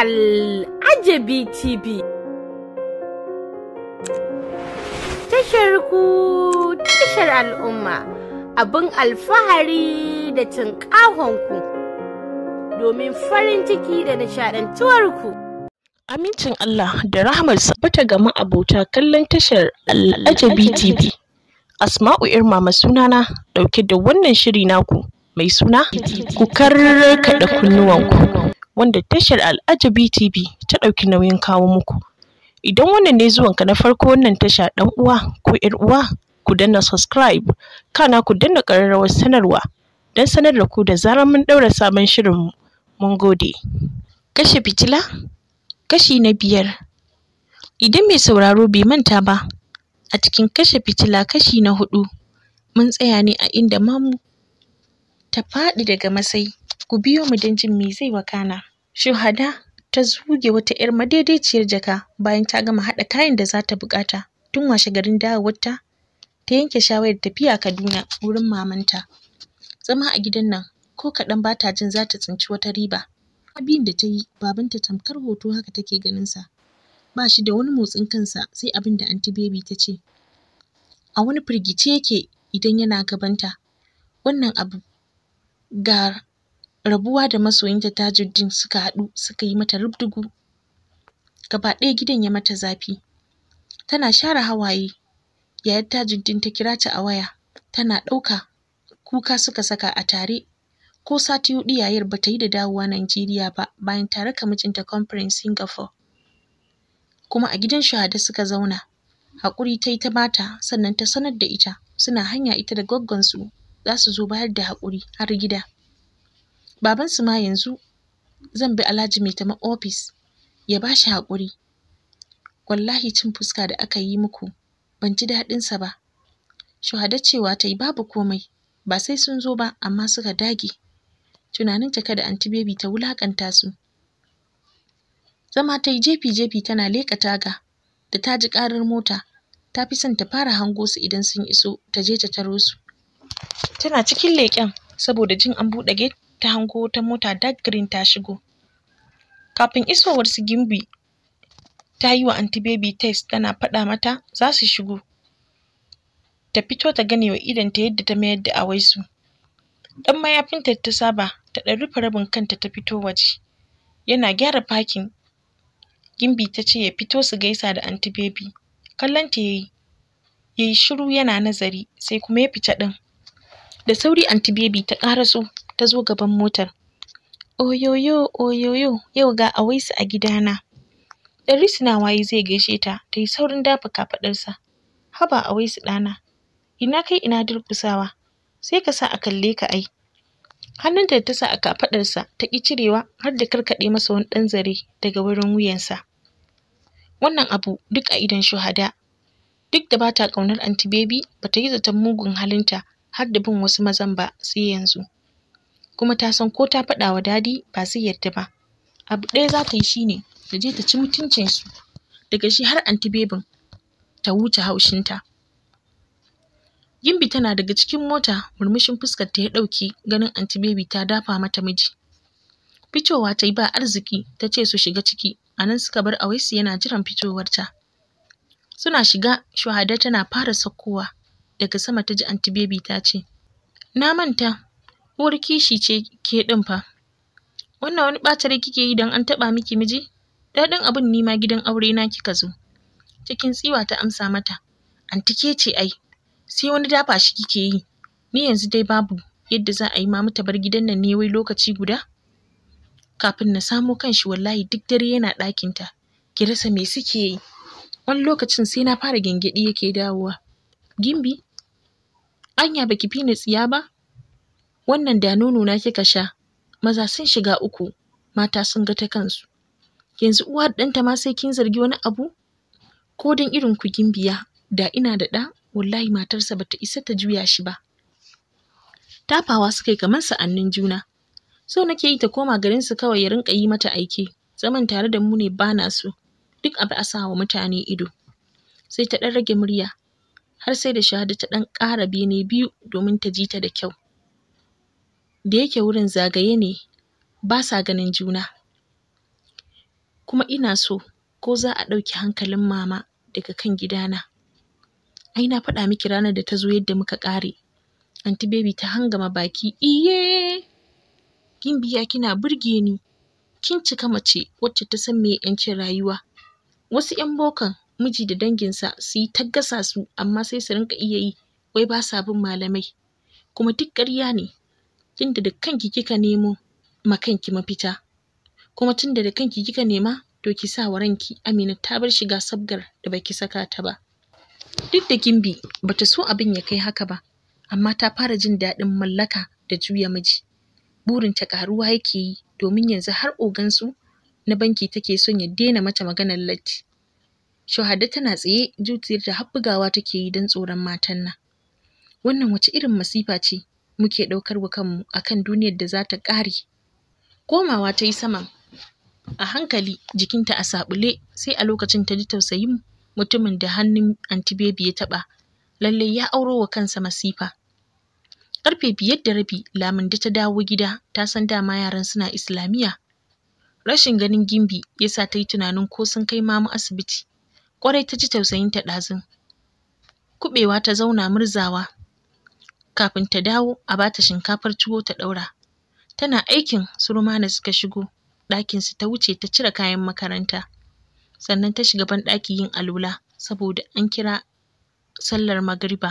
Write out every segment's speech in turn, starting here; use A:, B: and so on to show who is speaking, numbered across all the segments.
A: Al'ajabi TV. Tashar ku tashar al'umma abin alfahari da cin ku domin farin ciki da ku. Amincin Allah da rahmarsa bata gama abota kallon tashar Al'ajabi TV. Asma'u ma sunana dauke da wannan shiri naku mai suna ku karkaɗa kunnuwanku. wanda tashar Al'ajabi TV ta ɗauki nauyin kawo muku. Idan wannan ne zuwanka na farko wannan tasha ɗan uwa ko ‘yar uwa ku danna subscribe kana ku danna ƙararrawar sanarwa don sanar da ku da zarar mun ɗaura sabon shirin mun gode. Kashe fitila kashi na biyar. Idan mai sauraro bai manta ba a cikin kashe fitila kashi na hudu mun tsaya ne a inda mamu ta faɗi daga masai ku biyo mu don jin me zai wakana. Shuhada ta zuge wata 'yar madaidaiciyar jaka bayan ta gama haɗa kayan da za ta buƙata tun washe garin dawowarta ta yanke shawarar tafiya Kaduna wurin mamanta. Zama a gidan nan ko kaɗan ba ta jin za ta tsinci wata riba. Abin da ta yi babanta tamkar hoto haka take ganinsa. Ba shi da wani motsin kansa sai abin da anti Baby ta ce. A wani firgice yake idan yana gabanta. Wannan abu ga rabuwa da masoyinta tajuddin suka haɗu suka yi mata rubdugu gaba ɗaya gidan ya mata zafi tana share hawaye yayar tajuddin ta kira ta a waya tana ɗauka kuka suka saka a tare ko sati huɗu yayar ba ta yi da dawowa Najeriya ba bayan tare ka mijinta conference Singapore kuma a gidan shahada suka zauna haƙuri ta yi ta mata, sannan ta sanar da ita suna hanya ita da gwaggonsu za su zo bayar da haƙuri har gida babansu ma yanzu zan bi alhaji mai tama ofis ya ba shi haƙuri wallahi cin fuska da aka yi muku ban ji daɗinsa ba shuhada cewa ta yi babu komai ba sai sun zo ba amma suka dage Tunanin ta kada anti baby ta wulaƙanta su zama ta yi jefi-jefi tana leƙa taga da ta ji ƙarar mota ta fi son ta fara hango su idan sun iso ta je ta taro su tana cikin leƙen saboda jin an buɗe gate ta hango wata mota dark green ta shigo kafin isowar su gimbi ta yi wa anti baby test tana faɗa mata za su shigo ta fito ta gane wa idonta yadda ta mayar da su. dan mayafinta ta saba ta ɗan rufe rabin kanta ta fito waje yana gyara fakin gimbi ta ce ya fito su gaisa da anti baby kallon ta yayi yayi shiru yana nazari sai kuma ya fita ɗin da sauri anti baby ta ƙaraso ta zo gaban motar oyoyo oyoyo yau ga awaisu a gidana Darisu na waye zai gaishe ta ta yi saurin dafa kafaɗarsa. haba awaisu ɗana ina kai ina durkusawa sai ka sa a kalle ka ai hannun ta sa a kafaɗarsa ta ƙi cirewa har da karkaɗe masa wani ɗan zare daga wurin wuyansa wannan abu duk a idon shuhada duk da ba ta ƙaunar anti baby ta yi zaton mugun halinta har da bin wasu mazan ba sai yanzu kuma ta san ko ta faɗa wa dadi ba zai yarda ba abu ɗaya za ta yi shi ne, ta je ta ci mutuncin su daga shi har anti bebin ta wuce haushinta Gimbi tana daga cikin mota murmushin fuskar ta ya ɗauke ganin anti bebi ta dafa mata miji fitowa ta yi ba arziki ta ce su shiga ciki a nan suka bar awaisu yana jiran fitowarta suna shiga shuhada tana fara sakkowa daga sama ta ji anti bebi ta ce na manta uwar kishi ce ke ɗin fa wannan wani ɓata rai kike yi don an taɓa miki miji daɗin abin ni gidan aure na kika zo cikin tsiwa ta amsa mata anti ke ce ai sai wani dafa shi kike yi ni yanzu dai babu yadda za a yi ma ta bar gidan nan ne wai lokaci guda kafin na samo kanshi wallahi duk dare yana ɗakinta ki rasa me suke yi wani lokacin sai na fara gyangyaɗi yake dawowa gimbi anya baki fi ni tsiya ba wannan da nono na kika sha maza sun shiga uku mata sun ga ta kansu yanzu uwa da ɗanta ma sai kin zargi wani abu ko don irin ku biya, da ina da ɗa wallahi matarsa bata isa ta juya shi ba tafawa suka yi kamar sa'annin juna so nake yi ta koma garin su kawai ya rinka yi mata aiki zaman tare da mu ne bana su, duk abu a sawa mutane ido sai ta ɗan rage murya har sai da shahada ta ɗan ƙara bene biyu domin ta ji ta da kyau da yake wurin zagaye ne ba sa ganin juna kuma ina so ko za a ɗauki hankalin mama daga kan gidana ai na faɗa miki ranar da ta zo yadda muka ƙare anti baby ta hangama baki iye kin biya kina burge ni kin cika mace wacce ta san me yancin rayuwa wasu yan bokan miji da danginsa su yi gasa su amma sai su rinka iya yi wai ba sa bin malamai kuma duk ƙarya ne tunda da kanki kika nemo ma kanki mafita kuma tunda da kanki kika nema to ki sa wa ranki Amina ta bar shiga sabgar da baki saka ta ba duk da Gimbi bata so abin ya kai haka ba amma ta fara jin daɗin mallaka da juya miji Burin ta ƙaruwa yake yi domin yanzu har ogansu na banki take son ya daina mata maganar latti. Shahada tana tsaye jutiyar da bugawa take yi don tsoron matan nan. Wannan wace irin masifa ce muke ɗaukar wa kanmu akan duniyar da za ta ƙare komawa ta yi sama a hankali jikinta a saɓule sai a lokacin ta ji tausayin mutumin da hannun anti ya taɓa lallai ya auro wa kansa masifa Ƙarfe biyar da rabi da ta dawo gida ta san dama yaran suna islamiyya rashin ganin gimbi ya sa ta yi tunanin ko sun kai mamu asibiti Ƙwarai ta ji tausayin ta ɗazun kuɓewa ta zauna murzawa kafin ta dawo a bata shinkafar tuwo ta ɗaura. Tana aikin su Rumana suka shigo ɗakin su ta wuce ta cire kayan makaranta. Sannan ta shiga ban yin alula saboda an kira sallar magariba.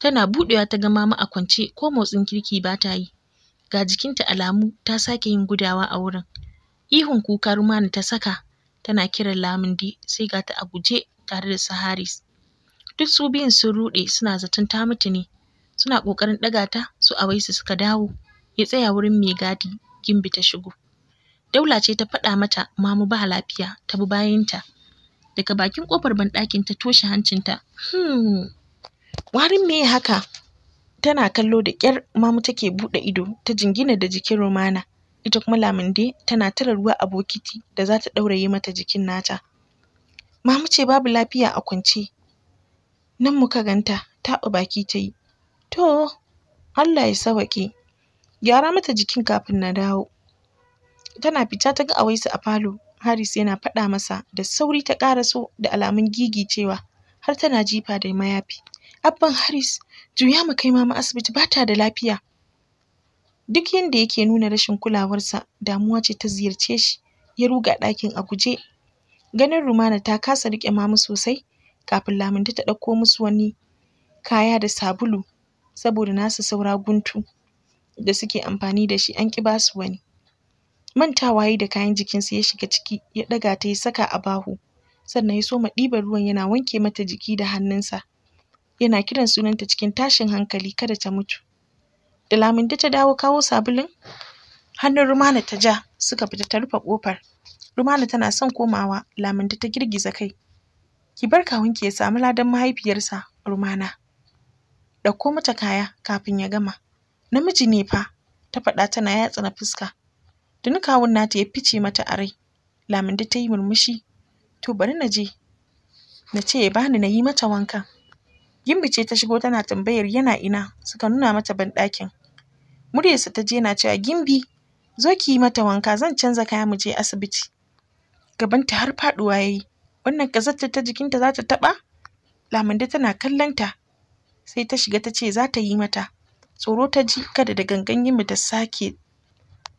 A: Tana buɗewa ta ga mama a kwance ko motsin kirki ba ta yi. Ga jikinta alamu ta sake yin gudawa a wurin. Ihun kuka Rumana ta saka tana kiran Lamindi sai ga ta a guje tare da saharis. Duk su biyun sun ruɗe suna zaton ta mutu ne suna ƙoƙarin ɗaga ta su a baisu suka dawo ya tsaya wurin mai gadi gimbi ta shigo daula ce ta faɗa mata mamu ba lafiya ta bi bayanta daga bakin ƙofar banɗakin ta toshe hancinta hmm warin me haka tana kallo da ƙyar mamu take buɗe ido ta jingina da jikin romana ita kuma laminde tana tara ruwa a bokiti da za ta ɗauraye mata jikin nata mamu ce babu lafiya a kwance nan muka ganta taɓa baki ta yi To, Allah ya sawaƙe. Gyara mata jikin kafin na dawo. Tana fita ta ga Awaisu a falo. Haris yana faɗa masa da sauri ta ƙara so da alamun gigi cewa har tana jifa da mayafi. Abban Haris, juya mu kai mama asibiti ba ta da lafiya. Duk yanda yake nuna rashin kulawarsa, damuwa ce ta ziyarce shi, ya ruga ɗakin a guje. Ganin Rumana ta kasa riƙe mama sosai, kafin Laminta ta ɗauko musu wani kaya da sabulu saboda nasu saura guntu da suke amfani da shi an ƙi basu wani. Mantawa yayi da kayan jikinsu ya shiga ciki ya ɗaga ta ya saka a bahu, sannan ya soma ɗiban ruwan yana wanke mata jiki da hannunsa yana kiran sunanta cikin tashin hankali kada ta mutu. Da Laminde ta dawo kawo sabulun hannun Rumana ta ja suka fita ta rufe kofar. Rumana tana son komawa laminta ta girgiza kai. Ki bar kawunki ya samu ladan mahaifiyarsa Rumana. ɗauko mata kaya kafin ya gama namiji ne fa ta faɗa tana yatsa na fuska tuni kawun nata ya fice mata a rai lamindi ta yi murmushi to bari na je na ce ya bani na yi mata wanka Gimbi ce ta shigo tana tambayar yana ina suka nuna mata banɗakin muryarsa ta je na cewa Gimbi zo ki yi mata wanka zan canza kaya mu je asibiti gabanta har faɗuwa ya yi wannan ƙazarta ta jikinta za ta taɓa lamande tana kallonta sai ta shiga ta ce za ta yi mata tsoro ta ji kada da gangan yi ta sake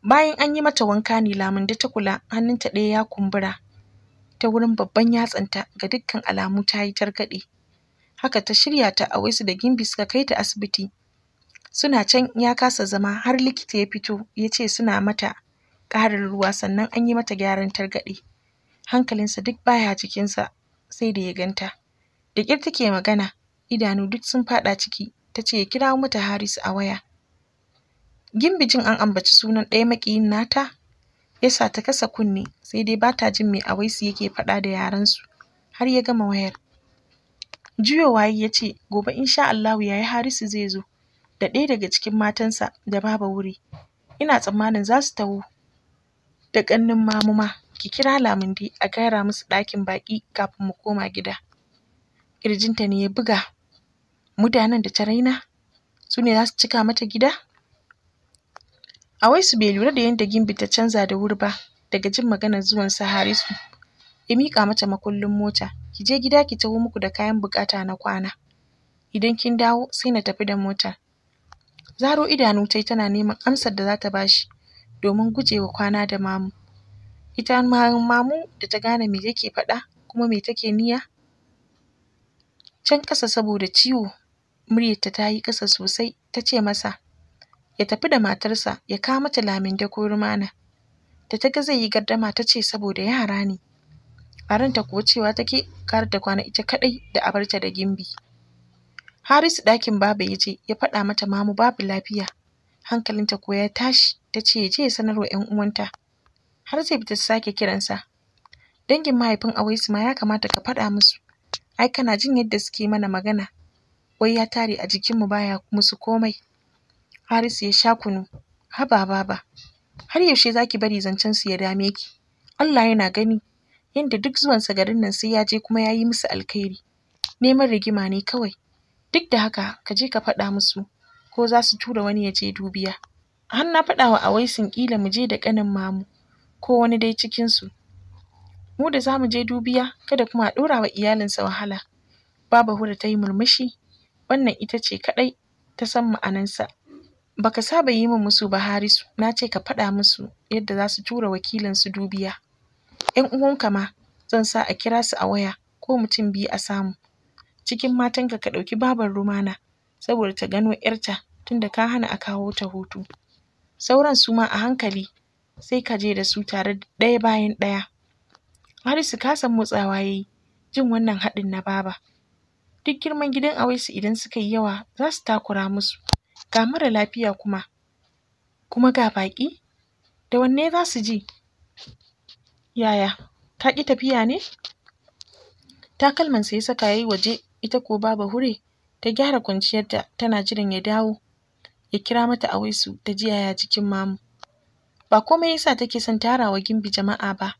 A: bayan an yi mata wanka ne da ta kula hannunta ɗaya ya kumbura ta wurin babban yatsanta ga dukkan alamu ta yi targaɗe haka ta shirya ta a waisu da gimbi suka kai ta asibiti suna can ya kasa zama har likita ya fito ya ce suna mata ƙarin ruwa sannan an yi mata gyaran targaɗe hankalinsa duk baya jikinsa sai da ya ganta da ƙyar take magana idanu duk sun faɗa ciki ta ce ya kirawo mata Harisu a waya. Gimbijin an ambaci sunan ɗaya maƙiyin nata ya sa ta kasa kunne sai dai ba ta jin a Awaisu yake faɗa da yarensu har ya gama wayar. waye ya ce gobe insha Allahu yayi Harisu zai zo da ɗaya daga cikin matansa da baba wuri. Ina tsammanin za su taho da ƙannin mamuma ki kira Laminde a gyara musu ɗakin baƙi kafin mu koma gida. ƙirjinta ne ya buga mutanen da ta raina su ne za su cika mata gida A wai su bai lura da yadda gimbi ta canza da wuri ba daga jin maganar zuwan su ya miƙa mata makullin mota ki je gida ki taho muku da kayan buƙata na kwana idan kin dawo sai na tafi da motar zaro idanu tai tana neman amsar da za ta bashi domin gujewa kwana da mamu ita mamu da ta gane me yake faɗa kuma me take niyya can ƙasa saboda ciwo muryarta ta yi ƙasa sosai ta ce masa ya tafi da matarsa ya kawo mata lamin ko rumana da ta ga zai yi gardama ta ce saboda yara ne a ranta kuwa cewa take kar da kwana ita kaɗai da abarta da gimbi harisu ɗakin baba ya je ya faɗa mata mamu babu lafiya hankalinta kuwa ya tashi ta ce ya je ya sanarwa 'yan uwanta har zai bi ta sake kiransa dangin mahaifin awaisu ma ya kamata ka faɗa musu ai kana jin yadda suke mana magana wai ya tare a jikinmu baya musu komai harisu ya sha kunu haba baba har yaushe zaki bari zancen su ya dame ki Allah yana gani yadda duk zuwansa garin nan sai ya je kuma ya yi musu alkhairi neman rigima ne kawai duk da haka ka je ka faɗa musu ko za su tura wani ya je dubiya har na faɗa wa awaisin ƙila mu je da ƙanin mamu ko wani dai cikinsu mu da zamu je dubiya kada kuma a ɗora wa iyalinsa wahala baba hura ta yi murmushi wannan ita ce kaɗai ta san ma'anansa baka saba yi min musu ba harisu na ce ka faɗa musu yadda za su tura wakilinsu dubiya yan uwanka ma zan sa a kira su a waya ko mutum biyu a samu cikin matanka ka ɗauki babar rumana saboda ta gano yarta tunda ka hana a kawo ta hutu sauran su ma a hankali sai ka je da su tare ɗaya bayan ɗaya su kasa motsawa yayi jin wannan haɗin na baba. Duk girman gidan Awaisu idan suka yi yawa za su takura musu. Ga mara lafiya kuma, kuma ga baƙi, da wanne za su ji? Yaya, ka ƙi tafiya ne? Takalmansa ya saka ya yi waje, ita ko baba hure ta gyara kwanciyarta tana jiran ya dawo ya kira mata Awaisu ta ji yaya jikin mamu. Ba komai yasa take son tarawa Gimbi jama'a ba,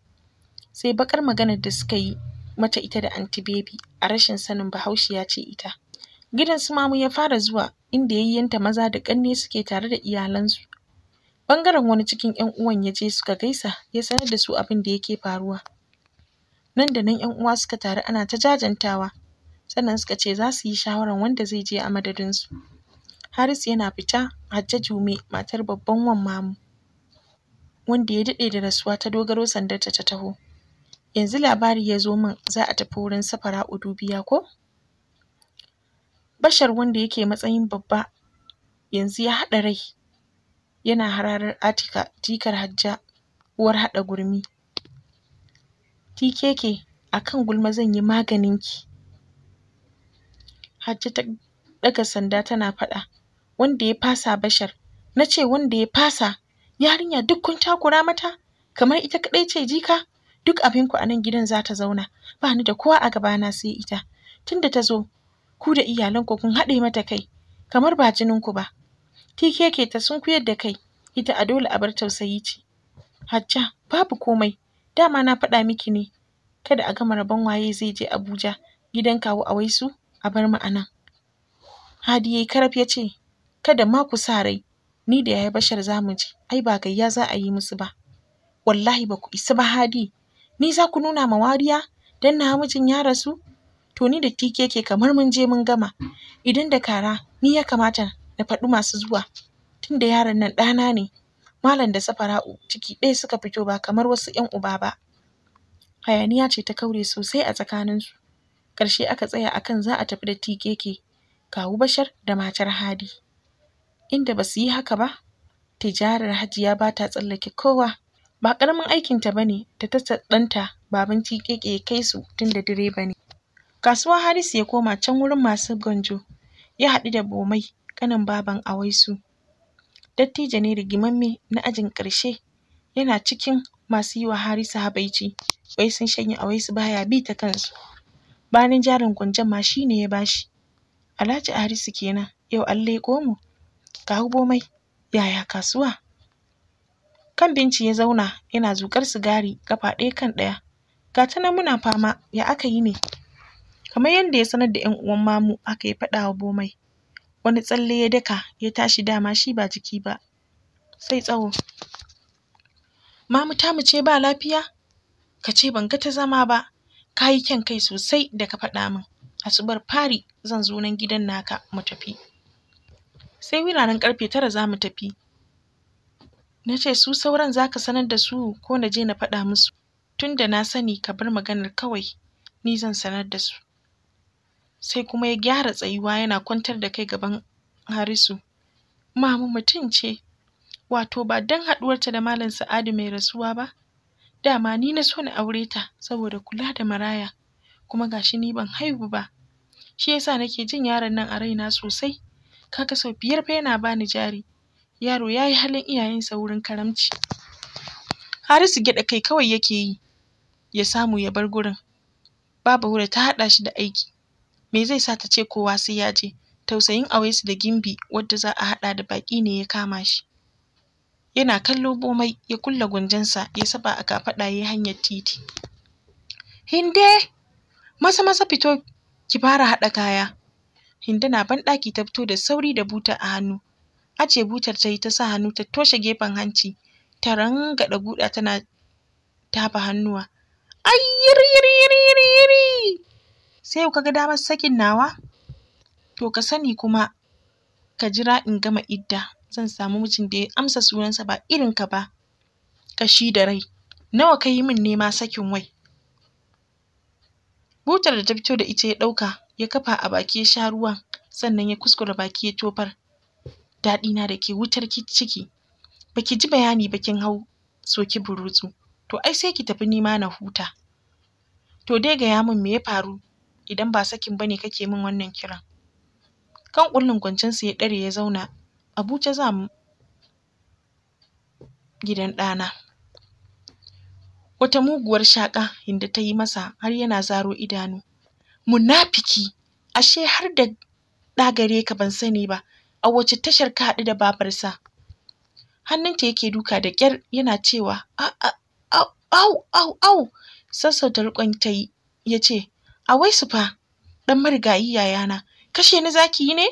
A: sai baƙar maganar da suka yi mata ita da anti baby a rashin sanin bahaushiya ce ita gidan su mamu ya fara zuwa inda yanta maza da ƙanne suke tare da iyalansu bangaren wani cikin yan uwan ya je suka gaisa ya sanar da su abin da yake faruwa nan da nan yan uwa suka taru ana ta jajantawa sannan suka ce za su yi shawaran wanda zai je a madadinsu Haris yana fita Hajja Jume matar babban wan mamu wanda ya daɗe da rasuwa ta dogaro sandarta ta taho yanzu labari ya zo min za a tafi wurin safara udu dubiya ko? Bashar wanda yake matsayin babba yanzu ya haɗa rai yana hararar Atika jikar Hajja uwar haɗa gurmi. Tikeke a kan gulma zan yi maganinki. Hajja ta ɗaga sanda tana faɗa wanda ya fasa Bashar na ce wanda ya fasa yarinya duk kun takura mata kamar ita kaɗai ce jika duk abinku a nan gidan za ta zauna ba ni da kowa a gabana sai ita tunda ta zo ku da iyalanku kun haɗe mata kai kamar ba jininku ba tikeke ta sun kuyar da kai ita a dole a bar tausayi ce hajja babu komai dama na faɗa miki ne kada a gama rabon waye zai je abuja gidan kawo a su, a bar mu a nan hadi yayi karaf ya ce kada ma ku sa rai ni da yayi bashar zamu mu ai ba gayya za a yi musu ba wallahi ba ku isa ba hadi ni za ku nuna ma wariya dan na mijin ya rasu to ni da tike ke kamar mun je mun gama idan da kara ni ya kamata na faɗi masu zuwa tunda yaran nan ɗana ne malam da safara'u ciki ɗaya suka fito ba kamar wasu 'yan uba ba hayaniya ce ta kaure sosai a tsakaninsu ƙarshe aka tsaya akan za a tafi da tikeke kawu bashar da matar hadi inda ba su yi haka ba tijarar hajiya ba ta tsallake kowa Ba ƙaramin aikinta ba ne ta tasa ɗanta baban tiƙeƙe ya kai su tun da direba ne. Kasuwa Harisu ya koma can wurin masu gwanjo ya haɗu da Bomai ƙanin baban Awaisu. Dattijo ne rigimamme na ajin ƙarshe yana cikin masu yiwa wa Harisu habaici wai sun shanye Awaisu baya bi ta kansu. Bayan jarin gwanjon ma shi ne ya bashi. Alhaji Harisu kenan yau an leƙo mu. hu Bomai yaya kasuwa? Kan binci ya zauna yana zuƙar sigari ƙafa ɗaya kan ɗaya. Ga ta nan muna fama, ya aka yi ne? Kamar yadda ya sanar da ‘yan uwan mamu aka yi faɗa wa Bomai. Wani tsalle ya daka ya tashi dama shi ba jiki ba, sai tsawo. Mamu mu ce ba lafiya? Ka ce ban ga ta zama ba, ka yi kyan kai sosai da ka faɗa min. Asubar fari zan zo nan gidan naka mu tafi. Sai wuraren ƙarfe tara za mu tafi, na ce su sauran za ka sanar da su ko na je na faɗa musu tun da na sani ka bar maganar kawai ni zan sanar da su sai kuma ya gyara tsayuwa yana kwantar da kai gaban harisu mamu mutum ce wato ba don haɗuwarta da malam sa'adu mai rasuwa ba dama ni na so na aure ta saboda kula da maraya kuma ga shi ni ban haihu ba shi yasa nake jin yaron nan a raina sosai kaga sau biyar fa yana bani jari yaro ya yi halin iyayensa wurin karamci harisu gyaɗa kai kawai yake yi ya samu ya bar gurin babu wura ta haɗa shi da aiki me zai sa ta ce kowa sai ya je tausayin awaisu da gimbi wadda za a haɗa da baki ne ya kama shi yana kallo bomai ya kulle sa ya saba a kafaɗa ya yi hanyar titi hinde masa masa fito ki fara haɗa kaya hinde na banɗaki ta fito da sauri da buta a hannu Ace butar ta yi ta sa hannu ta toshe gefen hanci ta rangaɗa guda tana tafa hannuwa ai yiri yiri yiri yiri sai ka ga damar sakin nawa to ka sani kuma ka jira in gama idda zan samu mijin da ya amsa sunansa ba irin ka ba kashi da rai nawa ka yi min nema sakin wai butar da ta fito da ita ya ɗauka ya kafa a baki ya sha ruwan sannan ya kuskura baki ya tofar daɗina da ke wutar ki ciki baki ji bayani ba kin hau soki burutsu to ai sai ki tafi nima na huta to dai gaya min me ya faru idan ba sakin bane kake min wannan kiran kan ƙullin sa ya ɗare ya zauna abuja za mu gidan ɗana wata muguwar shaƙa inda ta yi masa har yana zaro idanu munafiki ashe har da ɗagare ka ban sani ba a wace tashar ka haɗu da babarsa hannunta yake duka da kyar yana cewa au au au sassauta riƙon ta yi ya ce a wai su fa ɗan marigayi yayana kashe ni zaki yi ne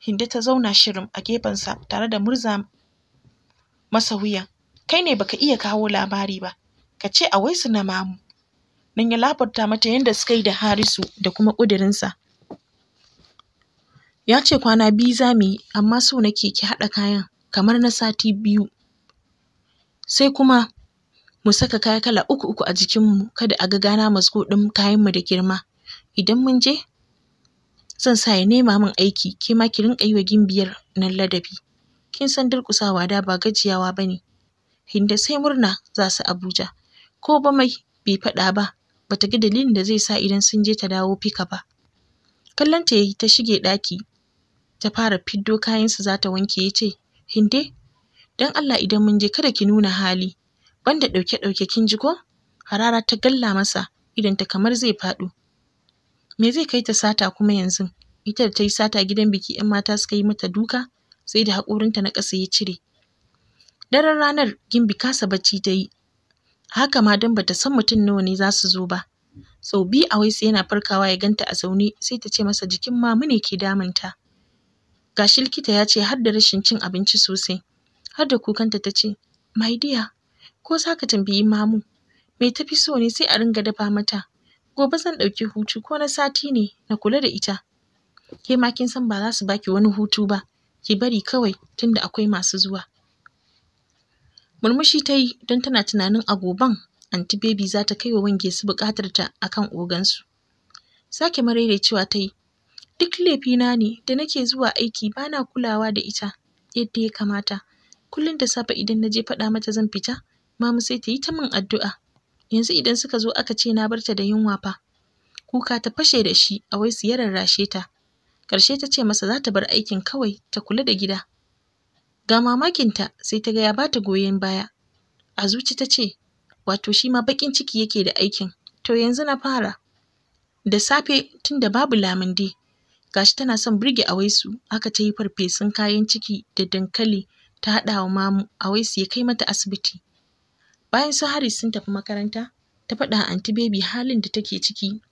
A: Hinda ta zauna shirin a gefensa tare da murza masa wuyan kai ne baka iya kawo labari ba ka ce a wai su na mamu nan ya labarta mata yadda suka yi da harisu da kuma ƙudurinsa Ya ce kwana biyu za mu yi, amma so nake ki haɗa kayan kamar na sati biyu. Sai kuma mu saka kaya kala uku uku a jikinmu kada a ga gana masu ɗin kayanmu da girma. Idan mun je, zan sa ya nema min aiki ke ma ki rinƙa yi wa gimbiyar nan ladabi. Kin san durƙusawa da ba gajiyawa ba ne. Hinda sai murna za su Abuja. Ko ba mai bai faɗa ba, bata ga dalilin da zai sa idan sun je ta dawo fika ba. Kallonta ya yi ta shige ɗaki ta fara fiddo kayansu za ta wanke ya ce hinde don allah idan mun je kada ki nuna hali banda ɗauke ɗauke kin ji ko harara ta galla masa idan ta kamar zai faɗo me zai kai ta sata kuma yanzu ita da ta yi sata gidan biki yan mata suka yi mata duka sai da haƙorinta na ƙasa ya cire daren ranar gimbi kasa bacci ta yi haka ma don bata san mutum nawa ne za su zo ba sau biyu a waisu yana farkawa ya ganta a zaune sai ta ce masa jikin mamu ne ke ta. gashi likita ya ce har da rashin cin abinci sosai har da kukanta ta ce my dear ko za ka tambayi mamu me ta fi so ne sai a ringa dafa mata gobe zan ɗauki hutu ko na sati ne na kula da ita ke ma kin san ba za su baki wani hutu ba ki bari kawai tunda akwai masu zuwa murmushi ta yi don tana tunanin a goban anti baby za ta kai wa wange su buƙatar ta akan ogansu sake cewa ta yi Duk na ne da nake zuwa aiki bana kulawa da ita yadda ya kamata. Kullum da safe idan na je faɗa mata zan fita, mamu sai ta yi ta min addu'a. Yanzu idan suka zo aka ce na bar ta da yunwa fa. Kuka ta fashe da shi a wai su ya rarrashe ta. Ƙarshe ta ce masa za ta bar aikin kawai ta kula da gida. Ga mamakinta sai ta ga ya bata goyon baya. A zuci ta ce, wato shi ma baƙin ciki yake da aikin, to yanzu na fara. Da safe tunda babu lamande gashi tana son burge awaisu aka ta yi farfesun kayan ciki da dankali ta haɗa wa mamu awaisu ya kai mata asibiti bayan su hari sun tafi makaranta ta faɗa a anti baby halin da take ciki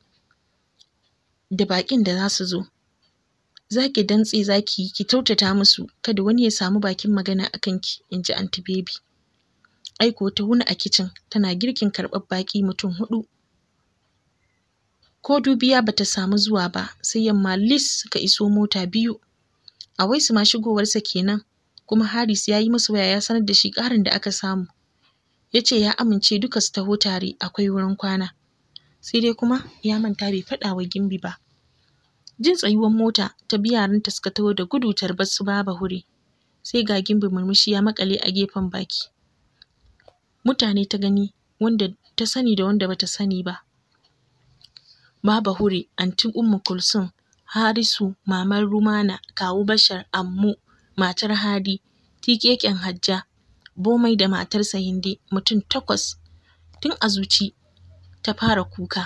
A: da baƙin da za su zo za ki dantse za ki ki tautata musu kada wani ya samu bakin magana a kanki in ji anti baby aiko ta wuni a kicin tana girkin karɓar baƙi mutum huɗu ko dubiya bata samu zuwa ba sai yamma Liz suka iso mota biyu a waisu ma shigowarsa kenan kuma haris ya yi masa waya ya sanar da shi ƙarin da aka samu ya ce ya amince duka su taho tare akwai wurin kwana sai dai kuma ya manta bai faɗa wa gimbi ba jin tsayuwar mota ta bi ta suka taho da gudu tarbar su baba hure sai ga gimbi murmushi ya makale a gefen baki mutane ta gani wanda ta sani da wanda bata sani ba Baba-Hura, Antin Ummu Kulsum, Harisu, Maman Rumana, Kawu Bashar, Ammu, matar Hadi, Tikeken Hajja, Bomai da matarsa Hindi mutum takwas, tun a zuci ta fara kuka.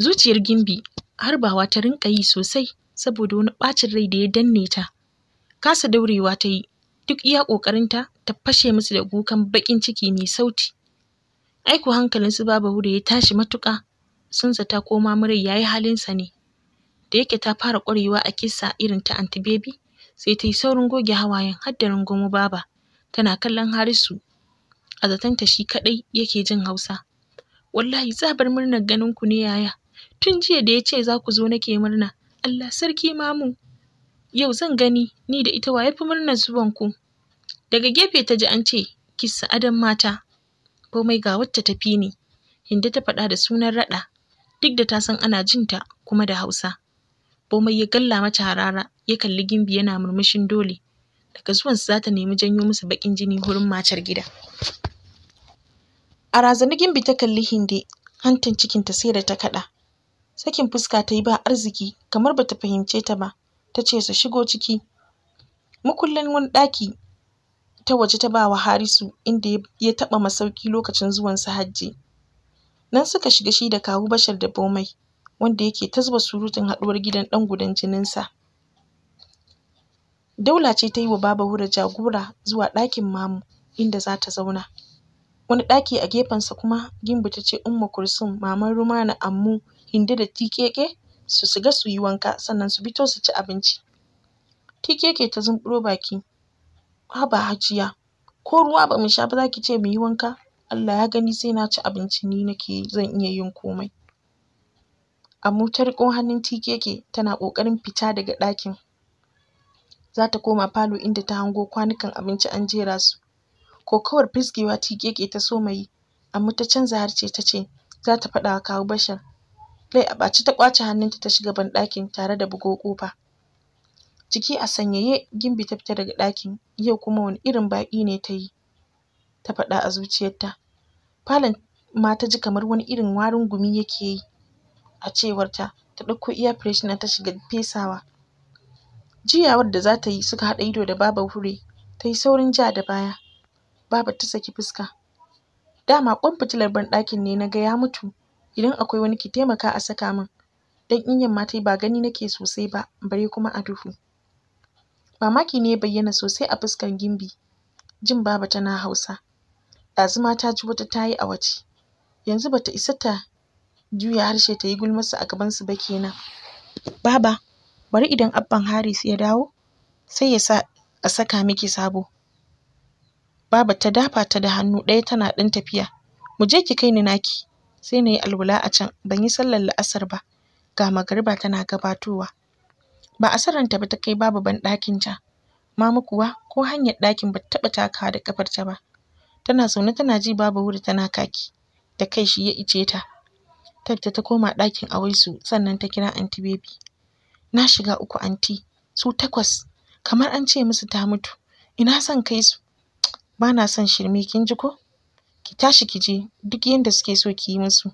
A: Zuciyar Gimbi har harbawa ta rinƙa yi sosai saboda wani ɓacin rai da ya danne ta. Kasa daurewa ta yi, duk iya ƙoƙarinta ta fashe musu da kukan baƙin ciki mai sauti. Aiko hankalinsu hankalin su Baba-Hura ya tashi matuƙa sun zata ko murai ya yi halinsa ne da yake ta fara ƙwarewa a kisa irin ta anti baby sai ta yi saurin goge hawayen har da rungumo baba tana kallon harisu a zaton ta shi kaɗai yake jin hausa wallahi tsabar murnar ganin ku ne yaya tun jiya da ya ce za ku zo nake murna allah sarki mamu yau zan gani ni da ita wa ya fi murnar zuwan ku daga gefe ta ji an ce kissa adon mata komai ga wacce tafi ne inda ta faɗa da sunan raɗa duk da ta san ana jinta kuma da Hausa. Bomai ya galla mata harara ya kalli gimbi yana murmushin dole. Daga zuwansu za ta nemi janyo musu baƙin jini wurin matar gida. A razana gimbi ta kalli Hinde hantan cikinta sai da ta kaɗa. Sakin fuska ta yi ba arziki kamar bata fahimce ta ba. Ta ce su shigo ciki. Mukullin wani ɗaki ta waje ta bawa Harisu inda ya taɓa masauki lokacin zuwansa hajji. Nan suka shiga shi da kawu Bashar da Bomai wanda yake ta zuba surutun haɗuwar gidan ɗan gudan jininsa. Daula ce ta yi wa Baba Wura jagora zuwa ɗakin Mamu inda za ta zauna. Wani ɗaki a gefensa kuma Gimbi ta ce Umma Kulsum, Maman Rumana, Ammu, hindi da Tikeke su shiga su yi wanka sannan su fito su ci abinci. Tikeke ta zumburo baki. Haba Hajiya, ko ruwa ba mu sha ba za ki ce mu yi wanka? Allah ya gani sai na ci abinci ni nake zan iya yin komai A motar riƙo hannun Tikeke tana ƙoƙarin fita daga ɗakin za ta koma falo inda ta hango kwanukan abinci an jera su kokawar fisgewa Tikeke ta so mai amma ta canza harce ta ce za ta faɗa wa kawu Bashar Lai a ɓace ta ƙwace hannunta ta shiga ɗakin tare da bugo ƙofa jiki a sanyaye Gimbi ta fita daga ɗakin yau kuma wani irin baƙi ne ta yi ta faɗa a zuciyarta falon ma ta ji kamar wani irin warin gumi yake yi. A cewar ta ɗauko iya freshener ta shiga fesawa. Juyawar da za ta yi suka haɗa ido da Babar Hure, ta yi saurin ja da baya. Babar ta saki fuska. Dama ƙwan fitilar banɗakin ne na ga ya mutu, idan akwai wani ki taimaka a saka min, don in yamma ta yi ba gani nake sosai ba, bare kuma a duhu. Mamaki ne ya bayyana sosai a fuskar Gimbi, jin Baba tana Hausa. ɗazu ma ta ji wata ta yi a waje yanzu ba ta isa ta juya harshe ta yi su a gaban su ba kenan baba bari idan abban haris ya dawo sai ya sa a saka miki sabo baba ta dafa ta da hannu ɗaya tana ɗan tafiya mu je ki kai ni naki sai na yi alwala a can ban yi sallar la'asar ba ga magariba tana gabatowa ba a saranta ba ta kai babu ban ɗakin ta mamu kuwa ko hanyar ɗakin ba ta taɓa takawa da ƙafarta ba tana zaune tana ji babu wuri tana kaki da kai shi ya ice ta ta ta koma ɗakin awaisu sannan ta kira anti baby na shiga uku anti su takwas kamar an ce musu ta mutu ina son kai su ba na son shirme kin ji ko ki tashi ki je duk yadda suke so ki yi musu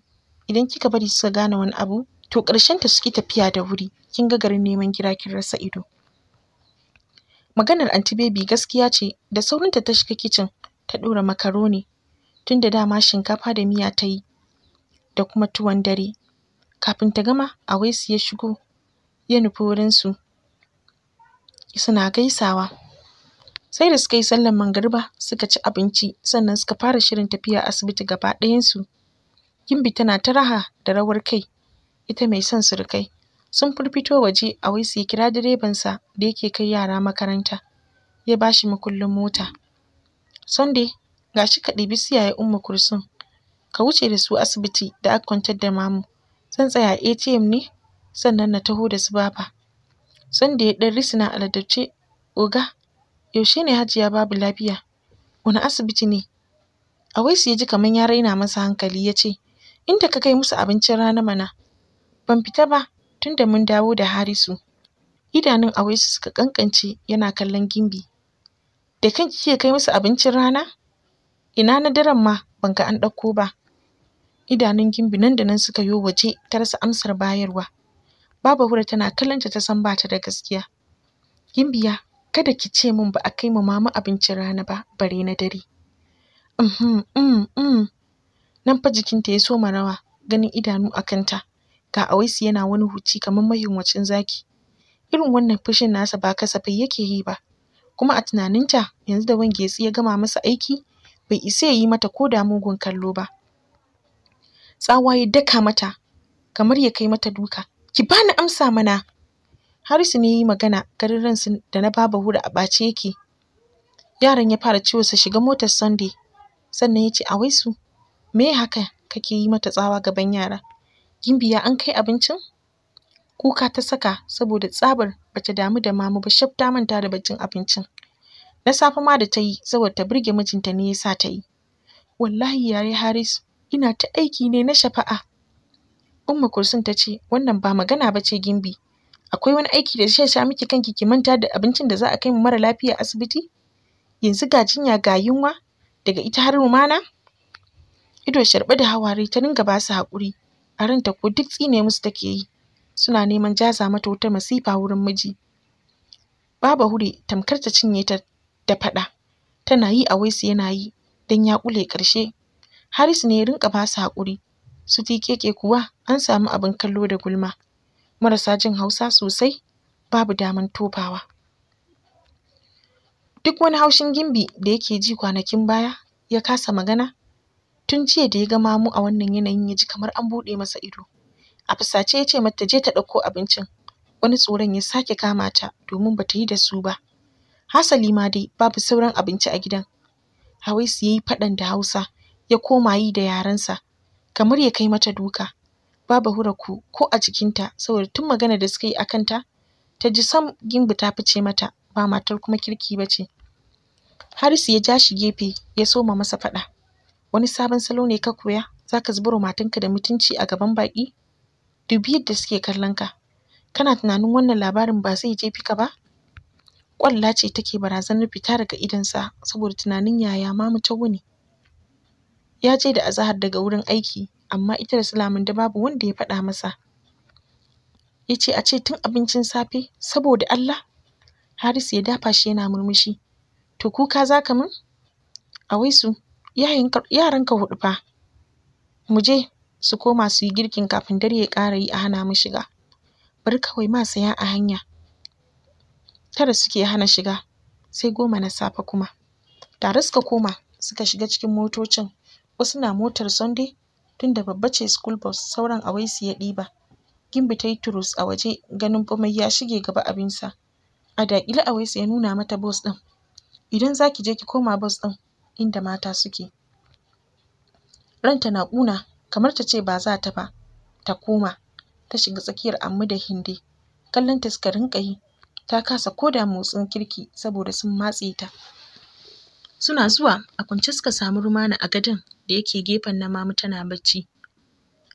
A: idan kika bari suka gane wani abu to ƙarshen ta suke tafiya da wuri kin ga garin neman kira kin rasa ido maganar anti baby gaskiya ce da saurinta ta shiga kicin ta ɗora makaroni tunda dama shinkafa da miya ta yi da kuma tuwon dare kafin ta gama Awaisu ya shigo ya nufi wurinsu suna gaisawa sai da suka yi sallar magariba suka ci abinci sannan suka fara shirin tafiya asibiti gaba ɗayansu Gimbi tana ta raha da rawar kai ita mai son surukai sun firfito waje Awaisu ya kira direbansa da yake kai yara makaranta ya bashi makullin mota Sunday ga shi ka ɗibi su yaya Umma Kulsum ka wuce da su asibiti da aka kwantar da mamu. Zan tsaya a ATM ne sannan na taho da su baba. Sunday ya ɗan risina a ladabce oga yaushe ne Hajiya babu lafiya? Wani asibiti ne? A Awaisu ya ji kamar ya raina masa hankali ya ce inda ka kai musu abincin rana mana. Ban fita ba tunda mun dawo da Harisu. Idanun a su suka kankance yana kallon Gimbi. da kan kike kai musu abincin rana ina na daren ma ban ga an ɗauko ba idanun gimbi nan da nan suka yo waje ta rasa amsar bayarwa baba hura tana kallonta ta san bata da gaskiya gimbiya kada ki ce min ba a kai ma mama abincin rana ba bare na dare uhum um nan fa jikinta ya soma rawa ganin idanu a kanta ga awaisu yana wani huci kamar mahimmancin zaki irin wannan fushin nasa ba kasafai yake yi ba kuma a tunaninta yanzu da wange getsi ya gama masa aiki bai isa ya yi mata ko da mugun kallo ba tsawa ya daka mata kamar ya kai mata duka ki bani amsa mana harisu ne ya yi magana garin ransu da na baba hura a ɓace yake yaran ya fara ciwo su shiga motar sunday sannan ya ce a wai su? me haka kake yi mata tsawa gaban yara gimbiya an kai abincin kuka ta saka saboda tsabar bata damu da mamu ba shaf ta manta da baccin abincin na safe ma da tayi saboda ta burge mijinta ne yasa tayi wallahi yare haris, ina ta aiki ne na shafa'a Umma kursun ta ce wannan ba magana ba ce Gimbi akwai wani aiki da zai sha miki kanki ki manta da abincin da za a kai mu mara lafiya asibiti yanzu ga jinya ga yunwa daga ita har rumana ido sharɓe da hawaye ta dinga basu haƙuri a ranta ko duk tsine musu take yi suna neman jaza mata wata masifa wurin miji baba Hure tamkar ta cinye ta da faɗa tana yi a waisu yana yi dan ya kule ƙarshe Haris ne ya rinƙa ba su haƙuri su keke kuwa an samu abin kallo da gulma marasa jin hausa sosai babu daman tofawa duk wani haushin gimbi da yake ji kwanakin baya ya kasa magana tun jiya da ya ga mamu a wannan yanayin ya ji kamar an buɗe masa ido a fusace ya ce mata ta je ta ɗauko abincin wani tsoron ya sake kama ta domin ba ta yi da su ba hasali ma dai babu sauran abinci a gidan Hawaisu ya yi faɗan da Hausa ya koma yi da yarensa kamar ya kai mata duka babu hura ku, ko a jikinta saboda tun magana da suka yi akan ta ta ji sam gimbi ta fice mata ba matar kuma kirki ba ce Harisu ya ja shi gefe ya soma masa faɗa wani sabon salo ne ka koya Za zaka wa matanka da mutunci a gaban baƙi dubi yadda suke kallon ka kana tunanin wannan labarin ba zai jefi ka ba ƙwalla ce take barazanar fita daga idonsa saboda tunanin yaya mamu ta wuni ya je da azahar daga wurin aiki amma ita da sulamin da babu wanda ya faɗa masa ya ce a ce tun abincin safe saboda Allah Harisu ya dafa shi yana murmushi to kuka za ka min a waisu yaranka huɗu fa mu je su koma su yi girkin kafin dare ya ƙara yi a hana mu shiga bari kawai ma saya a hanya tara suke hana shiga sai goma na safe kuma tare suka koma suka shiga cikin motocin wasu na motar sunday tunda babba ce school bus sauran a waisu ya ɗiba gimbi ta yi turus a waje ganin komai ya shige gaba abin sa. a daƙile a waisu ya nuna mata bus ɗin idan za ki je ki koma bus ɗin inda mata suke ranta na ƙuna kamar ta ce ba za ta ba ta koma ta shiga tsakiyar ammu da hindi kallon ta suka rinka yi ta kasa ko da motsin kirki saboda sun matse ta suna zuwa a kwance suka samu rumana a gadon da yake gefen na mamu tana bacci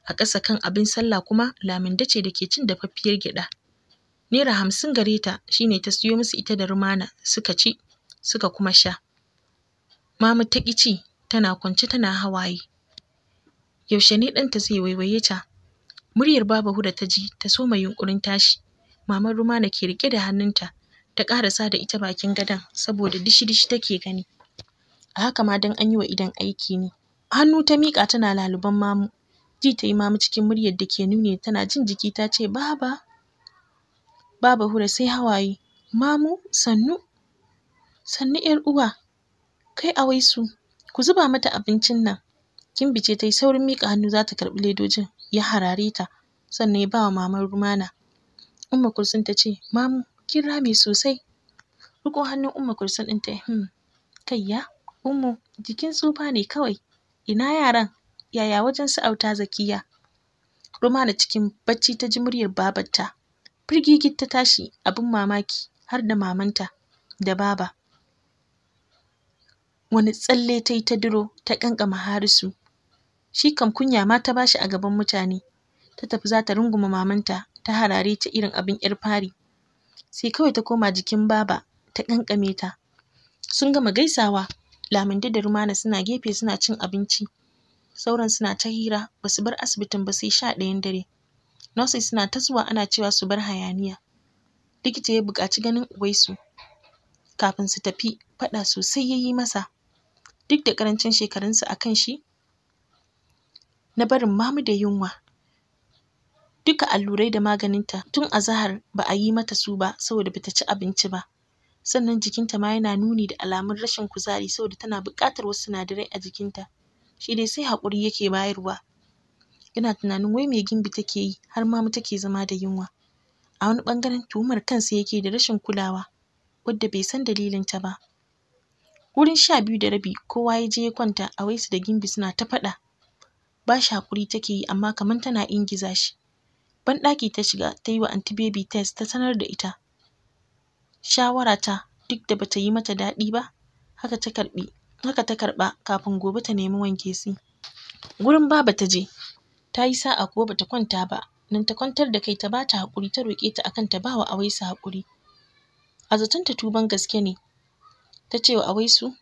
A: a ƙasa kan abin sallah kuma laminda ce da ke cin dafaffiyar gyaɗa naira hamsin gare ta shine ta siyo musu ita da rumana suka ci suka kuma sha mamu ta ƙi ci tana kwance tana hawaye yaushe ne ɗanta zai waiwaye ta muryar baba huda ta ji ta soma yunƙurin tashi maman rumana ke rike da hannunta ta ƙarasa da ita bakin gadon saboda dishi-dishi take gani a haka ma don an yi wa idan aiki ne hannu ta miƙa tana laluban mamu ji ta yi mamu cikin muryar da ke nuni tana jin jiki ta ce baba baba hura sai hawaye mamu sannu sannu yar uwa kai a awaisu ku zuba mata abincin nan bice ta yi saurin miƙa hannu za ta karɓi ledojin, ya harare ta, sannan ya bawa wa Maman Rumana. Umma Kulsum ta ce, Mamu, kin rame sosai. Riƙo hannun Umma Kulsum ɗin ta yi, hmm, kayya, Ummu, jikin tsufa ne kawai. Ina yaran? Yaya wajen su auta zakiya? Rumana cikin bacci ta ji muryar babarta. Firgigit ta tashi abin mamaki har da mamanta da baba. Wani tsalle ta yi ta duro ta ƙanƙama Harisu Shi kam kunya ma ta bashi a gaban mutane. Ta tafi za ta runguma mamanta ta harare ta irin abin ‘yar fari. Sai kawai ta koma jikin baba ta ƙanƙame ta. Sun gama gaisawa lamindi da Rumana suna gefe suna cin abinci. Sauran suna ta hira ba su bar asibitin ba sai sha ɗayan dare. Nurses suna ta zuwa ana cewa su bar hayaniya. Likita ya buƙaci ganin Uwaisu. Kafin su tafi faɗa sosai ya yi masa. Duk da ƙarancin shekarunsa a kan shi na barin mamu da yunwa duka allurai da maganinta tun azahar ba a yi mata su ba saboda bata ci abinci ba sannan jikinta ma yana nuni da alamun rashin kuzari saboda tana buƙatar wasu sinadarai a jikinta shi dai sai haƙuri yake bayarwa Ina tunanin wai me Gimbi take yi har ma take zama da yunwa a wani ɓangaren tuhumar kansa yake da rashin kulawa wadda bai san dalilin ta ba wurin sha biyu da rabi kowa ya je ya kwanta a waisu da Gimbi suna ta faɗa ba shi haƙuri take yi amma kamar tana ingiza shi banɗaki ta shiga ta yi wa anti baby test ta sanar da ita shawara ta duk da bata yi mata daɗi ba haka ta karɓi haka ta karɓa kafin gobe ta nemi wanke si gurin baba ta je ta yi sa'a kuwa bata kwanta ba nan ta kwantar da kai ta bata haƙuri ta roƙe ta akan ta bawa Awaisu haƙuri a zaton ta tuban gaske ne ta ce wa Awaisu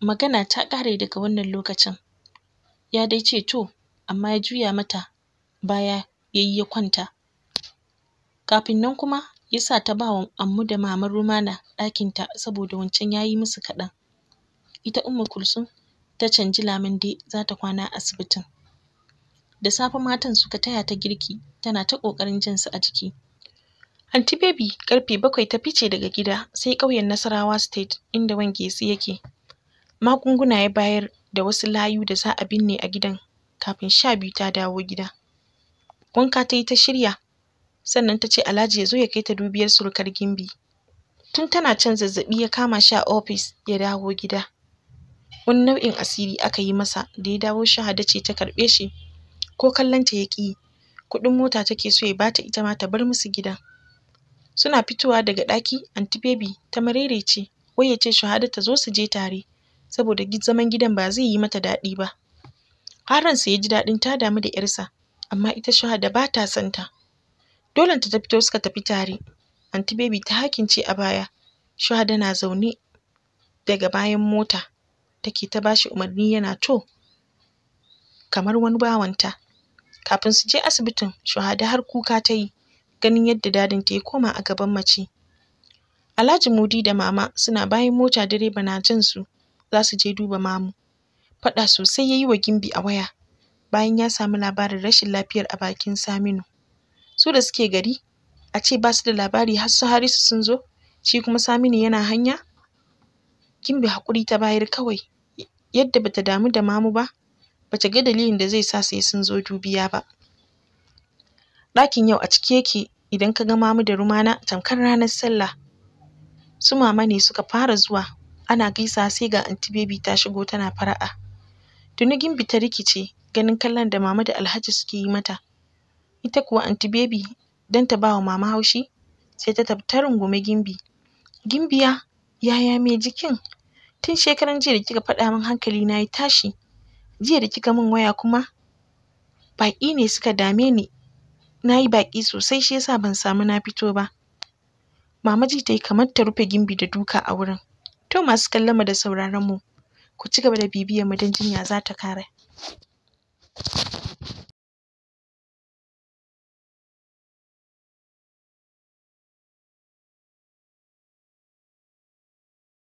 A: magana ta ƙare daga wannan lokacin ya dai ce to amma ya juya mata baya ya yi ya kwanta kafin nan kuma ya sa ta ba wa ammu da maman rumana ɗakinta saboda wancan ya yi musu kaɗan ita Umma kulsum ta canji lamin dai za ta kwana a asibitin da safe matan suka taya ta girki tana ta ƙoƙarin jin su a jiki anti baby ƙarfe bakwai ta fice daga gida sai ƙauyen nasarawa state inda wangesi yake magunguna ya bayar da wasu layu da za a binne a gidan kafin sha biyu ta dawo gida wanka ta yi ta shirya sannan ta ce alhaji ya zo ya kai ta dubiyar surukar gimbi tun tana can zazzaɓi ya kama shi a ofis ya dawo gida wani nau'in asiri aka yi masa da ya dawo shahada ce ta karɓe shi ko kallon ta ya ƙi kuɗin mota take so ya bata ita ma ta bar musu gidan suna fitowa daga ɗaki anti baby ta marerece wai ya ce shahada ta zo su je tare saboda zaman gidan ba zai yi mata daɗi ba har ya ji daɗin ta damu da ‘yarsa amma ita shahada ba ta son ta dole ta fito suka tafi tare anti baby ta hakince a baya shahada na zaune daga bayan mota take ta bashi umarni yana to kamar wani bawanta kafin su je asibitin shahada har kuka ta yi ganin yadda dadin ta ya koma a gaban mace Alhaji Mudi da mama suna bayan mota direba na jan su za su je duba mamu faɗa sosai ya yi wa Gimbi a waya bayan ya samu labarin rashin lafiyar a bakin Saminu. Su da suke gari, a ce ba su da labari har su Harisu sun zo, shi kuma Saminu yana hanya? Gimbi haƙuri ta bayar kawai, yadda ba ta damu da mamu ba, ba ta ga dalilin da zai sa sai sun zo dubiya ba. Ɗakin yau a cike yake idan ka ga mamu da rumana tamkar ranar sallah. Su mama ne suka fara zuwa ana gaisa sai ga anti baby ta shigo tana fara'a. Tuni Gimbi ta rikice ganin kallon da mama da Alhaji suke yi mata. Ita kuwa anti Baby don ta bawa mama haushi sai ta tafi ta rungumi Gimbi. Gimbiya yaya mai jikin? Tun shekaran jiya da kika faɗa min hankali na ya tashi. Jiya da kika min waya kuma baƙi ne suka dame ni. Na yi baƙi sosai shi yasa ban samu na fito ba. Mama ji ta kamar ta rufe Gimbi da duka a wurin. To masu kallon da sauraron mu ku cigaba da bibiyar mu don jinya zata kaya.